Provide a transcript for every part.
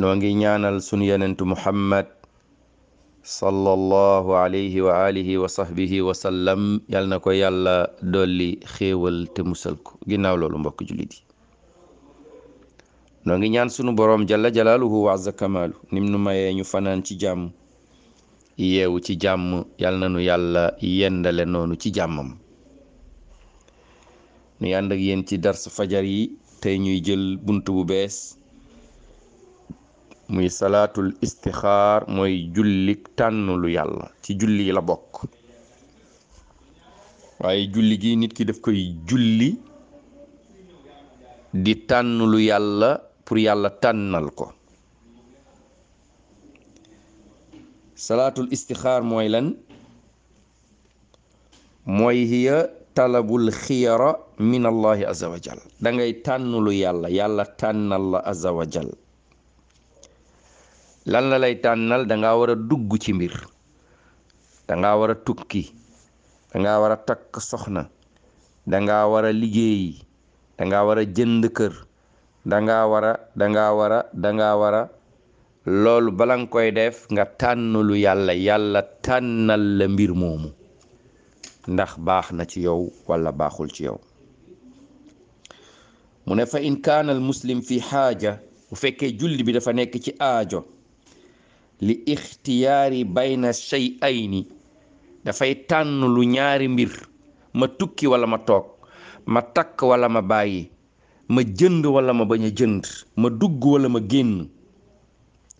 noo ngi ñaanal sunu yenentu muhammad sallallahu alayhi wa alihi wa sahbihi wa yal na ko yàlla dolli xéewal te musal ko ginnaaw loolu mbokk jullit yi noo ngi ñaan sunu boroom jalla jalaaluhu wa azza kamaalu nim nu mayee ñu fanaan ci jàmm yeewu ci jàmm yal na nu yàlla yendale noonu ci jàmmam nu ànd ak yéen ci dars fajar yi tey ñuy jël bunt bu bees muy salaatul istixaar mooy julli tànn lu yàlla ci julli yi la bokk waaye julli gi nit ki def koy julli di tànn lu yàlla pour yàlla tànnal ko salaatul istixaar mooy lan mooy hiya talabul xiyara min allahi azza wa tànn lu yàlla yàlla tànnal la azza wa lan la lay tànnal danga ngaa war a dugg ci mbir danga ngaa war a tukki danga ngaa war a takk soxna danga ngaa war a liggéey da war a jënd kër da ngaa war a da war a loolu bala nga koy def nga tànnalu yàlla yàlla tànnal la mbir moomu ndax baax na ci yow wala baaxul ci yow mu ne fa in muslim fi xaaja bu fekkee jullit bi dafa nekk ci aajo li ixtiyaari bayna shay'ayni dafay tànn lu ñaari mbir ma tukki walla ma toog ma takk wala ma bàyyi ma jënd wala ma bañ a jënd ma dugg walla ma génn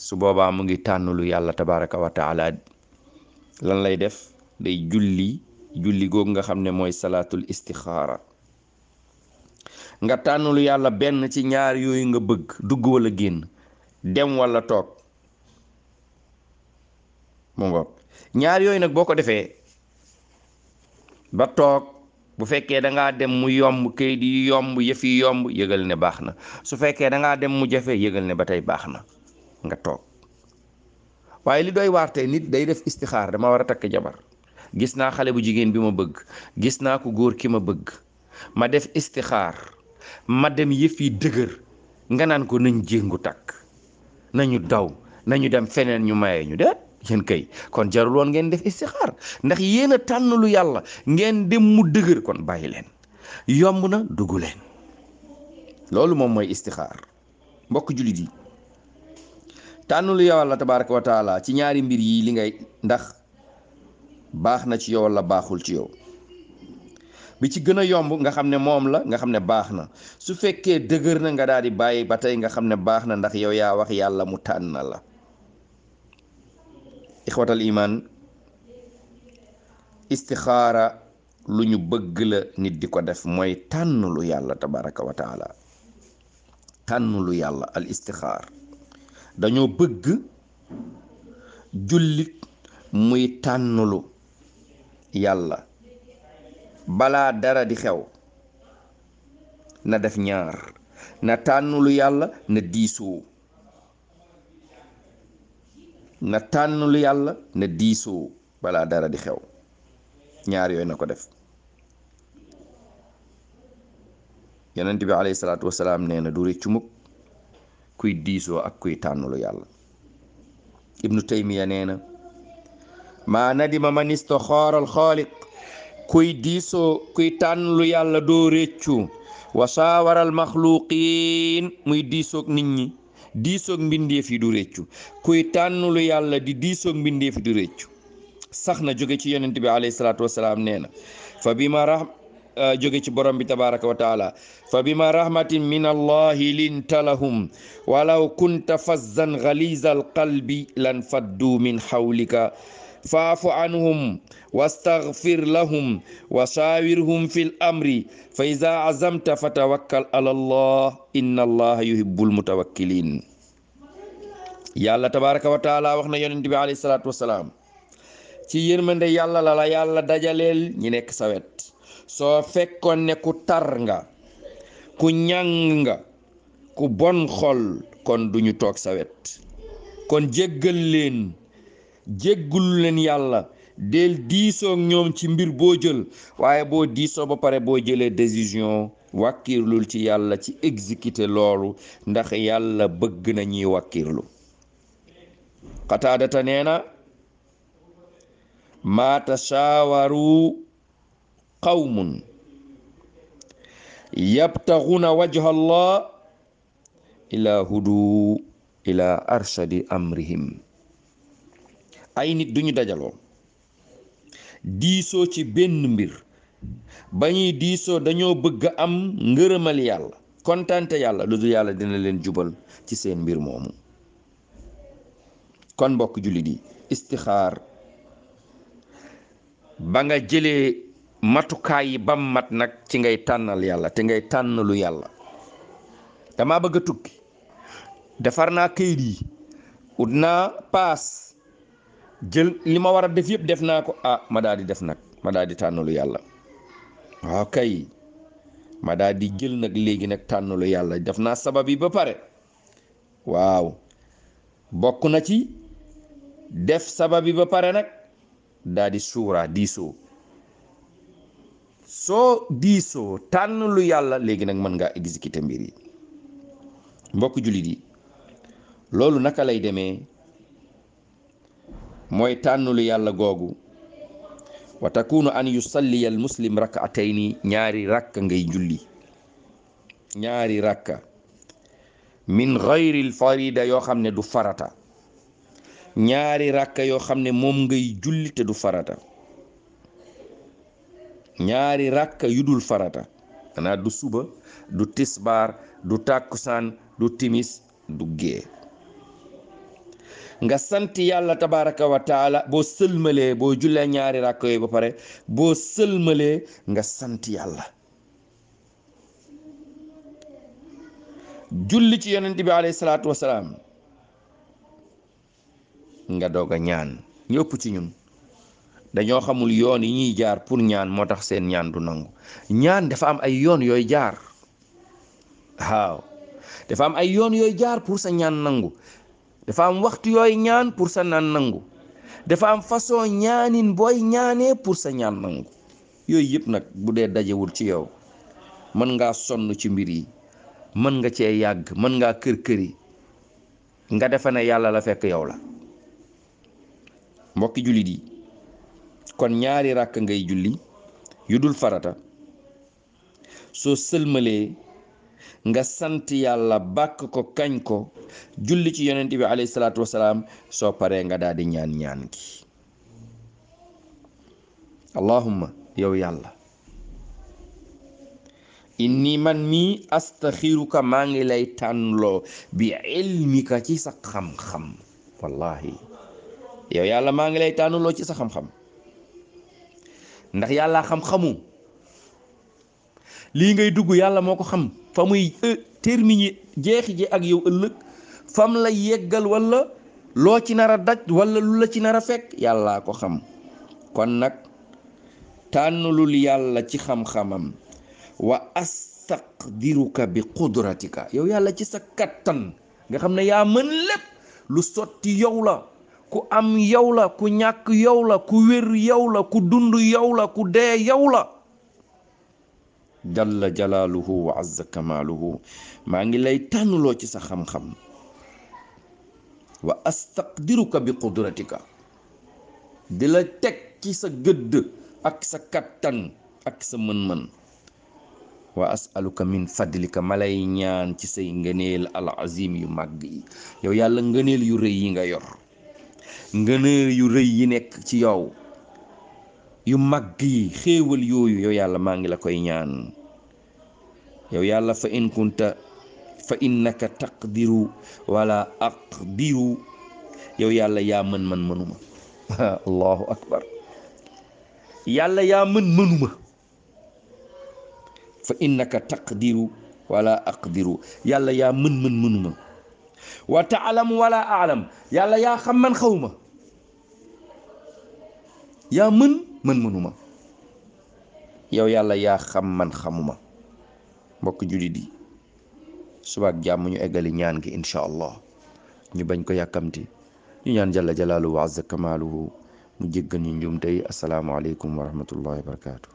su boobaa mu ngi tànn lu yàlla tabaraka wa lan lay def day julli julli googu nga xam ne mooy salaatul istixaara nga tànn lu yàlla benn ci ñaar yooyu nga bëgg dugg wala génn dem walla toog mu ngoog ñaar yooyu nag boo ko defee ba toog bu fekkee dangaa dem mu yomb kayit yi yomb yëf yi yomb yëgal ne baax na su fekkee dangaa dem mu jafe yëgal ne ba tey baax na nga toog waaye li doy waar nit day def istixaar dama war a takk jabar gis naa xale bu jigéen bi ma bëgg gis naa ko góor ki ma bëgg ma def istixaar ma dem yëf yi dëgër nga naan ko nañ jéngu takk nañu daw nañu dem feneen ñu maye ñu déet yéen kay kon jarul ngeen def istixaar ndax yéen a tànn lu yàlla ngeen dem mu dëgër kon bàyyi leen yomb na dugg leen loolu moom mooy istixaar mbokk jullit yi tànn lu yàlla tabaaraka wa taala ci ñaari mbir yi li ngay ndax baax na ci yow wala baaxul ci yow bi ci gën a yomb nga xam ne moom la nga xam ne baax na su fekkee dëgër na nga daal di bàyyi ba tey nga xam ne baax na ndax yow yaa wax yàlla mu tànn la ixwatal imaan istixaara lu ñu bëgg la nit di ko def mooy tànn lu yàlla tabaraka wa tànn lu yàlla al istixaar dañoo bëgg jullit muy tànnlu yàlla balaa dara di xew na def ñaar na tànnlu yàlla na diisoo na tànn yàlla na diisoo balaa dara di xew ñaar yooyu na ko def yonent bi alayhi salaatu wasalaam nee na du réccu mukk kuy diisoo ak kuy tànn yàlla ibnu taymiya nee na maa nadima man istaxaara alxaaliq kuy diisoo kuy tànn yàlla doo réccu wa saawara almaxluuqiin muy diisoog nit ñi diisoog mbindeef yi du réccu kuy tànnulu yàlla di diisoog mbindeef yi du réccu sax na jóge ci yonent bi alayhi salaatu fa bi ma euh, ci borom bi tabaraka wa taala fa bima rahmatin min allahi linta lahum walaw kunta fazzan ghaliza alqalbi lan faddu min hawlika faafu anhum wastaghfir lahum wa shaawirhum fil amri fa iza azamta fatawakkal ala allah inna allaha yuhibbul mutawakkilin yàlla tabaraka wa taala wax na yonent bi alayhi salaatu wasalaam yàlla la la dajaleel ñi nekk sawet soo fekkoon ne ku tar nga ku ñàng nga ku bon xol kon duñu toog sawet kon jéggal leen jéggulu leen yàlla del diisoo ñoom ci mbir boo jël waaye boo diisoo ba pare boo jëlee décision wàkkirlul ci yàlla ci exécuter loolu ndax yàlla bëgg na ñuy wàkkirlu xataadata nee na maa tashaawaru qawmun yabtaxuna wajha allah ila hudu ila arshadi amrihim ay nit duñu dajaloo diisoo ci benn mbir ba ñuy diisoo dañoo bëgg am ngërëmal yàlla kontaante yàlla lu dul yàlla dina leen jubal ci seen mbir moomu kon bokk jullit yi istixaar ba nga jëlee matukaay yi bam mat nag ci ngay tànnal yàlla te ngay tànnalu yàlla dama bëgg a tukki defar naa këyit yi ut naa paas jël li ma war a def yëpp def naa ko ah ma di def nag ma daal di tànnalu yàlla waaw kay ma daal jël nag léegi nag tànnalu yàlla def naa sabab yi ba pare waaw bokk na ci def sabab yi ba pare nag daal di suuraa diisoo soo diisoo tànnalu yàlla léegi nag mën nga exécuter mbir yi mbokk jullit yi loolu naka lay demee mooy tànnulu yàlla googu wa takunu an yusalliya al muslim rakaatayni ñaari rakka ngay julli ñaari rakka min gayri farida yoo xam ne du farata ñaari rakka yoo xam ne moom ngay jullite du farata ñaari rakka yu dul farata xanaa du suba du tisbaar du tàkkusaan du timis du gée nga sant yàlla tabaraka wa taala boo sëlmalee boo jullee ñaari rakk yooyu ba pare boo sëlmalee nga sant yàlla julli ci yonent bi alayhi salaatu salaam nga doog a ñaan ñëpp ci ñun dañoo xamul yoon yi ñuy jaar pour ñaan moo tax seen ñaan du nangu ñaan dafa am ay yoon yooyu jaar waaw dafa am ay yoon yooyu jaar pour sa ñaan nangu dafa am waxtu yooy ñaan pour sa naan nangu dafa am façon ñaanin booy ñaanee pour sa ñaan nangu yooyu yëpp nag bu dee dajewul ci yow mën ngaa sonn ci mbir yi mën nga cee yàgg mën ngaa kër-këri nga defa ne yàlla la fekk yow la mbokki jullit yi kon ñaari ràkk ngay julli yu dul farata soo sëlmalee nga sant yàlla bàkk ko kañ ko julli ci yonent bi alayhi salaatu wasalaam soo paree nga daal ñaan ñaan gi allahumma yow yàlla inni man mii astaxiruka maa ngi lay tànnloo bi ilmika ci sa xam-xam wallahi yow yàlla maa ngi lay tànnloo ci sa xam-xam ndax yàlla xam-xamu lii ngay dugg yàlla moo ko xam fa muy e, terminer jeexi ji ak yow ëllëg fam la yeggal wala loo ci nar a daj walla lu la ci nar a fekk yàllaa ko xam kon nag tànnulul yàlla ci xam-xamam wa astaqdiruka bi qudratika yow yàlla ci sa kattan nga xam ne yaa mën lépp lu sotti yow la ku am yow la ku ñàkk yow la ku wér yow la ku dund yow la ku dee yow la jalla jalaaluhu wa azza kamaaluhu maa ngi lay tànnuloo ci sa xam-xam wa astaqdiruka bi qudratika di la teg ci sa gëdd ak sa kattan ak sa mën-mën wa asaluka min fadlika ma lay ñaan ci say ngëneel al azim yu màgg yi yow yàlla ngëneel yu rëy yi nga yor ngëneel yu rëy yi nekk ci yow yu mag yi xéewal yooyu yow yàlla maa ngi la koy ñaan yow yàlla fa in kunta fa innaka taqdiru wala aqdiru yow yàlla yaa mën man mënuma allahu akbar yàlla yaa mën mënuma fa innaka taqdiru wala aqdiru yàlla yaa mën mën mënuma wa taalamu wala aalam yàlla yaa xam man xawma yaa mën mën-mënuma yow yàlla yaa xam man xamuma mbokk jullit yi subaak jàmm ñu eggalee ñaan gi incha allah ñu bañ ko yàkkamti ñu ñaan jalla jalaaluhu wa azza kamaaluhu mu jéggal ñu njuum tey asalaamaaleykum wa rahmatullahi wa barakaatu.